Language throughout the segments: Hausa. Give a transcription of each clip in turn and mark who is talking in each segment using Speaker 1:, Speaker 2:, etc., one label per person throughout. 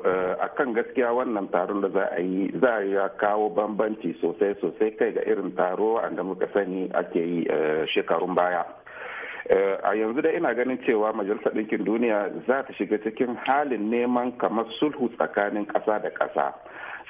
Speaker 1: Eh, a kan gaskiya wannan taron da za a yi za a ya kawo bambanci sosai sosai kai ga irin taro da muka sani ake yi eh, shekarun baya Eh, a yanzu da ina ganin cewa majalisar ɗinkin duniya za ta shiga cikin halin neman kamar sulhu tsakanin ƙasa da ƙasa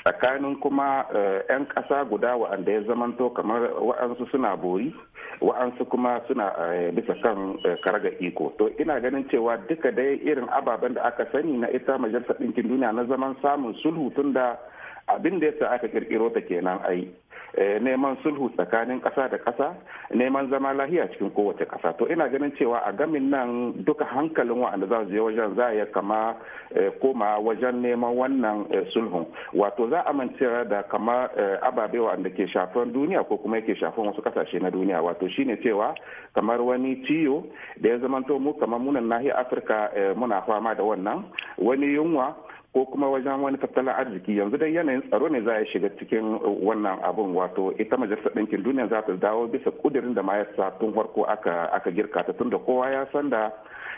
Speaker 1: tsakanin kuma 'yan eh, ƙasa guda wa'anda ya zamanto kamar wa'ansu suna bori wa'ansu kuma suna eh, bisa kan karaga iko to ina ganin cewa duka dai irin ababen da aka sani na ita majalisar ɗinkin duniya na zaman samun sulhu tunda abin da yasa aka kirkiro ta kenan ai Eh, neman sulhu tsakanin ƙasa da ƙasa neman zama lahiya cikin kowace ƙasa to ina ganin cewa a gamin nan duka hankalin wa'anda za je wajen za a ya kama eh, koma wajen neman wannan eh, sulhun wato za a amince da kama ababe wa'anda ke shafan duniya ko kuma yake shafan wasu ƙasashe na duniya wato shine cewa kamar wani ciyo da ya zamanto mu kamar munan nahiyar afirka muna fama da wannan wani yunwa ko kuma wajen wani tattalin arziki yanzu dai yanayin tsaro ne za a shiga cikin uh, wannan abun wato ita majalisar ɗinkin duniya za ta dawo bisa kudirin da ma ya sa tun farko aka girka ta tunda kowa ya san da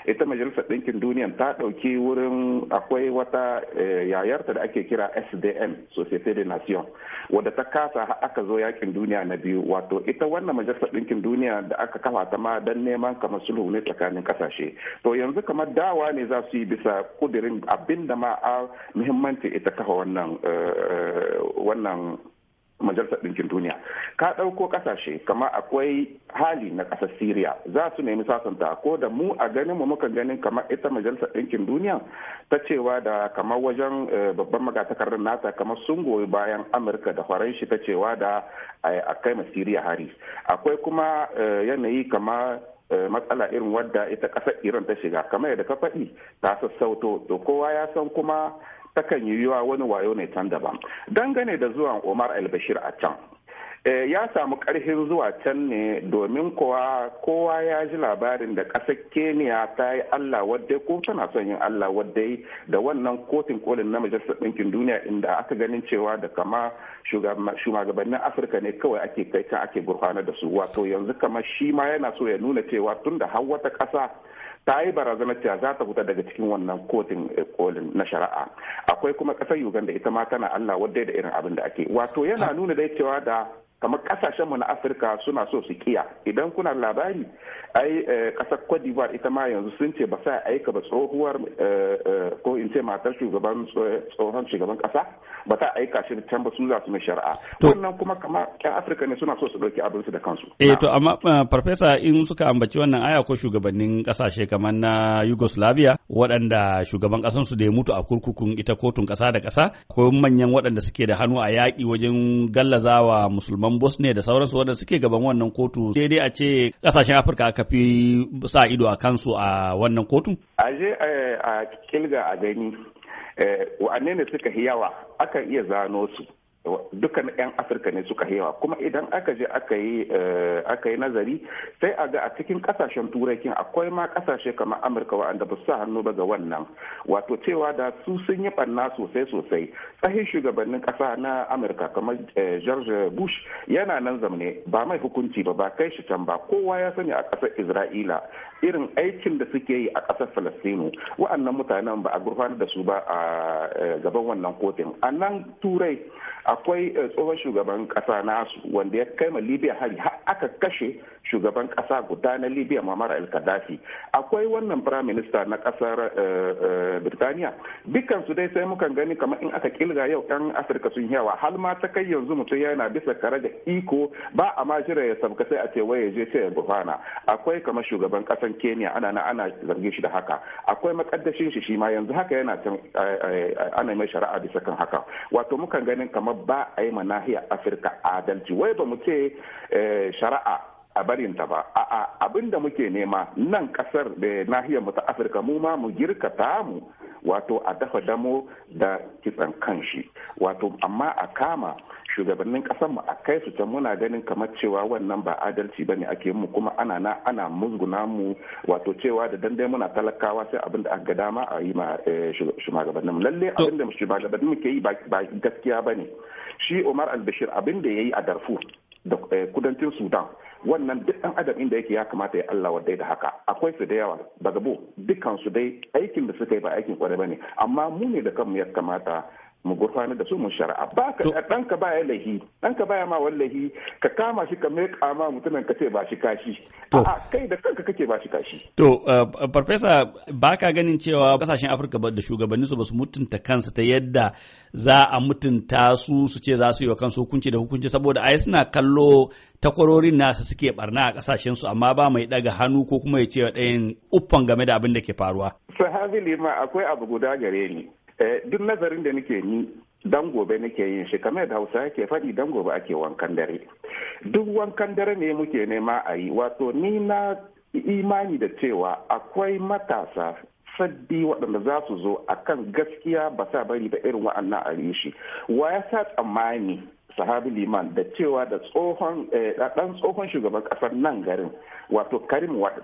Speaker 1: ita majalisar ɗinkin duniya ta ɗauki wurin akwai wata eh, yayarta da ake kira sdn société de nation wadda ta kasa aka zo yakin duniya na biyu wato ita wannan majalisar ɗinkin duniya da aka kafa ta ma don neman kamar sulhu ne tsakanin kasashe to yanzu kamar dawa ne za su yi bisa kudirin abinda ma muhimmanci ita kafa wannan eh, wannan majalisar ɗinkin duniya ka ɗauko ƙasashe kama akwai hali na ƙasar siriya za su nemi sasanta ko da mu a ganin mu muka ganin kamar ita majalisar ɗinkin duniya ta cewa da kama wajen eh, babban magatakardar nata kamar sun goyi bayan amurka da faranshi ta cewa da a kai ma siriya hari akwai kuma eh, yanayi kama Eh, matsala irin wadda ita ƙasar iran ta shiga kamar yadda ka faɗi ta sassauto to kowa ya san kuma takan yiwuwa wani wayo ne can daban dangane da zuwan omar al-bashir a can Eh, ya samu karfin zuwa can ne domin kowa kowa ya ji labarin da ƙasar keniya ta yi allah wadda ko tana son yin allah wadda da wannan kotun kolin na majalisar ɗinkin duniya inda aka ganin cewa da kama shugabannin afirka ne kawai ake kai can ake gurfanar da su wato yanzu kamar shi ma yana so ya nuna cewa tun da har wata ƙasa ta yi barazanar cewa za ta fita daga cikin wannan kotun eh, kolin na shari'a akwai kuma ƙasar uganda ita ma tana allah wadda da irin abin da ake wato yana ah. nuna dai cewa da kamar kasashen mu na afirka suna so su kiya idan kuna labari ai kasar eh, cote d'ivoire ita ma yanzu sun ce ba sa aika ba tsohuwar eh, eh, ko in ce matar shugaban tsohon shugaban kasa ba ta aika shi can ba sun za su mai shari'a wannan kuma kamar yan afirka ne suna so su dauki abin da kansu eh
Speaker 2: to amma farfesa in suka ambaci wannan aya ko shugabannin kasashe kamar na yugoslavia waɗanda shugaban kasan su da ya mutu a kurkukun ita kotun kasa da kasa ko manyan waɗanda suke da hannu a yaƙi wajen gallazawa musulman kaman bosnia da sauransu wadanda suke gaban wannan kotu sai dai a ce kasashen afirka aka fi sa ido a kansu a wannan kotu
Speaker 1: a je eh, a kilga a gani eh, wa'anne ne suka yawa akan iya zano su dukkan 'yan afirka ne suka hewa kuma idan aka je eh, aka yi nazari sai a ga a cikin kasashen turai kin akwai ma kasashe kamar amurka wa'anda ba su sa hannu ba ga wannan wato cewa da su sun yi barna sosai sosai tsahin shugabannin kasa na amurka kamar eh, george bush yana nan zamne ba mai hukunci ba ba kai shi can ba kowa ya sani a kasar isra'ila irin aikin da suke yi a ƙasar falastinu wa'annan mutanen ba a gurfanar da su ba a eh, gaban wannan kotun a nan turai akwai eh, tsohon shugaban kasa nasu wanda ya kai ma libya hari har aka kashe shugaban kasa guda na libya mamara el kadafi akwai wannan prime minister na kasar eh, eh, birtaniya dukansu dai sai mukan gani kamar in aka kilga yau yan afirka sun yawa har ma ta kai yanzu mutum yana bisa kare da iko ba a ma jira ya sabka sai a ce waye je sai ya gufana akwai kamar shugaban kasan kenya ana na ana zarge shi da haka akwai makaddashin shi shi ma yanzu haka yana can eh, ana mai shari'a bisa kan haka wato mukan ganin kamar ba a yi ma nahiyar afirka adalci wai ba mu ce shari'a a barin ta ba a'a abin da muke nema nan kasar da nahiyar mu ta afirka mu ma mu girka mu wato a dafa damo da kitsan kanshi wato amma a kama shugabannin mu a kai su can muna ganin kamar cewa wannan ba adalci bane ake mu kuma ana na ana musguna mu wato cewa da dandai muna talakawa sai abin da aka ga dama a yi ma eh, shugabannin lalle abin da shugabannin mu ke yi ba gaskiya bane shi Umar Al-Bashir abin da yayi a Darfur Eh, kudancin sudan wannan duk ɗan adam inda yake ya kamata ya Allah wadai da haka akwai su da yawa daga bu dukkan su dai aikin da suka yi ba aikin kwarai ne amma mu ne da kanmu ya kamata mu gurfanar da su mu shari'a ba ka ɗanka baya lahi ɗanka baya ma wallahi ka kama shi ka meƙa ma mutumin ka ce ba shi kashi a kai da kanka kake ba shi
Speaker 2: kashi to uh, farfesa ba ka ganin cewa kasashen afirka da shugabanni su ba su mutunta kansa ta yadda za a mutunta su su ce za su yi wa kansu hukunci da hukunci saboda ai suna kallo takwarorin nasa suke barna a kasashen su amma ba mai ɗaga hannu ko kuma ya ce wa ɗayan uffan game da abin da ke faruwa
Speaker 1: sahabi lima akwai abu guda gare ni Eh, duk nazarin da nake ni dan gobe nake yin shi kamar da hausa yake faɗi dan gobe ake wankan dare duk wankan dare ne muke nema a yi wato ni na imani da cewa akwai matasa sabbi waɗanda za su zo a kan gaskiya ba sa bari da irin wa'annan a shi wa ya sa tsammani sahabi liman da cewa da tsohon eh, ɗan tsohon shugaban ƙasar nan garin wato karim wata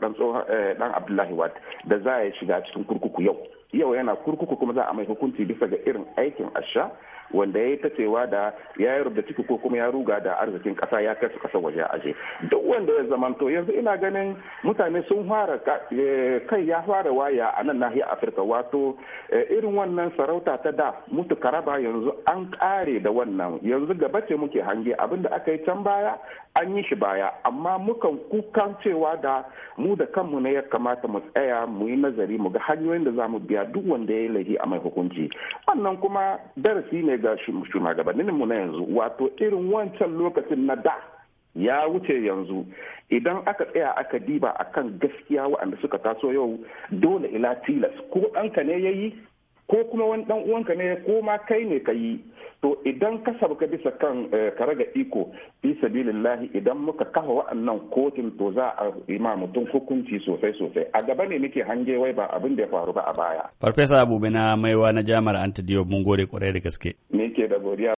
Speaker 1: eh, ɗan abdullahi wata da za ya shiga cikin kurkuku yau yau yana kurkuku kuma za a mai hukunci bisa ga irin aikin asha wanda ya yi ta cewa da ya yi rubuta ciki ko kuma ya ruga da arzikin kasa ya kai su kasa waje aje duk wanda ya zamanta yanzu ina ganin mutane sun fara eh, kai ya fara waya a nan nahiyar afirka wato eh, irin wannan sarauta ta da mutu karaba yanzu an kare da wannan yanzu gaba ce muke hange abinda aka yi can baya an yi shi baya amma mukan kukan cewa da mu da kanmu na ya kamata mu tsaya mu yi nazari mu ga hanyoyin da za mu biya duk wanda ya yi laifi a mai hukunci wannan kuma darasi ne ga mu na yanzu wato irin wancan lokacin na da ya wuce yanzu idan aka tsaya aka diba a kan gaskiya waɗanda suka taso yau dole ila tilas ko ɗanka ne ya yi ko kuma wani ɗan uwanka ne ko ma kai ne ka yi to idan ka sabuka bisa kan eh, ka raga iko fi sabilillahi idan muka kafa wa'annan kotun to za a ima mutum hukunci sosai sosai a gaba ne muke hange wai ba abin da ya faru ba a baya
Speaker 2: farfesa abubuwa na maiwa na jami'ar antidiyo mun gode kwarai da gaske
Speaker 1: ke da godiya